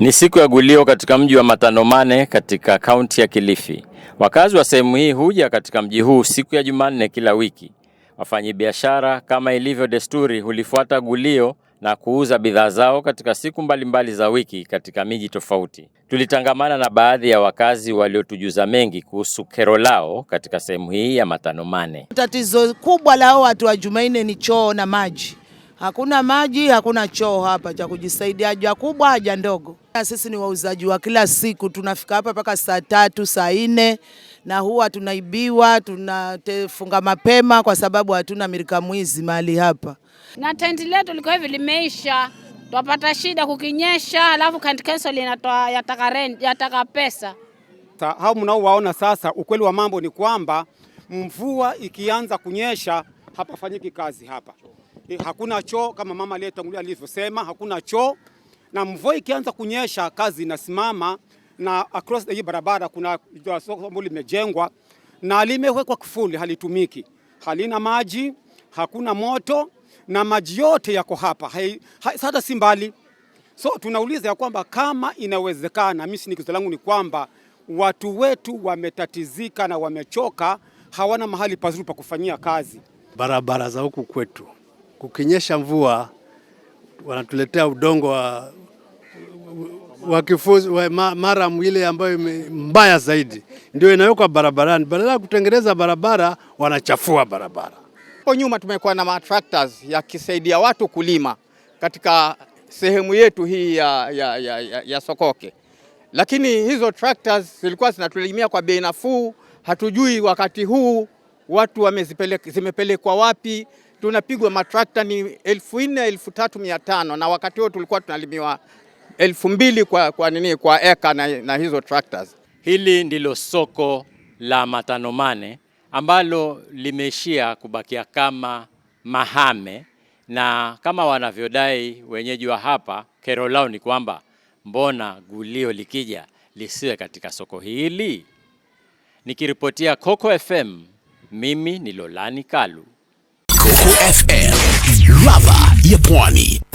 Ni siku ya gulio katika mji wa Matanomane katika kaunti ya Kilifi. Wakazi wa sehemu hii huja katika mji huu siku ya Jumanne kila wiki. Wafanyabiashara kama ilivyo desturi hulifuata gulio na kuuza bidhaa zao katika siku mbalimbali mbali za wiki katika miji tofauti. Tulitangamana na baadhi ya wakazi waliotujuza mengi kuhusu kero lao katika sehemu hii ya Matanomane. Tatizo kubwa lao watu wa Jumanne ni choo na maji hakuna maji, hakuna choo hapa cha kujisaidia, haja kubwa, haja ndogo. Sisi ni wauzaji wa kila siku, tunafika hapa mpaka saa tatu saa nne na huwa tunaibiwa, tunafunga mapema kwa sababu hatuna mirika mwizi mahali hapa. Na tenti letu liko hivi limeisha, twapata shida kukinyesha, alafu county council inatoa yataka rent, yataka pesa. Hao mnaowaona sasa, ukweli wa mambo ni kwamba mvua ikianza kunyesha hapafanyiki kazi hapa. Eh, hakuna choo kama mama aliyetangulia alivyosema, hakuna choo, na mvua ikianza kunyesha kazi inasimama, na across hii barabara kuna soko ambalo limejengwa na limewekwa kufuli, halitumiki, halina maji, hakuna moto na maji yote yako hapa hata si mbali. So tunauliza ya kwamba kama inawezekana, mimi shinikizo langu ni kwamba watu wetu wametatizika na wamechoka, hawana mahali pazuri pa kufanyia kazi. Barabara za huku kwetu kukinyesha mvua wanatuletea udongo wa, wakifuzi, wa mara ile ambayo mbaya zaidi ndio inawekwa barabarani, badala ya kutengeneza barabara wanachafua barabara. Hapo nyuma tumekuwa na ya yakisaidia watu kulima katika sehemu yetu hii ya, ya, ya, ya, ya Sokoke, lakini hizo tractors zilikuwa zinatulimia kwa bei nafuu. Hatujui wakati huu watu zimepelekwa wapi? tunapigwa matrakta ni elfu nne elfu tatu mia tano na wakati huo tulikuwa tunalimiwa elfu mbili kwa, kwa nini kwa eka na, na hizo tractors. Hili ndilo soko la Matanomane ambalo limeishia kubakia kama mahame, na kama wanavyodai wenyeji wa hapa, kero lao ni kwamba mbona gulio likija lisiwe katika soko hili? Nikiripotia Coco FM, mimi ni Lolani Kalu. FM, lava ya pwani.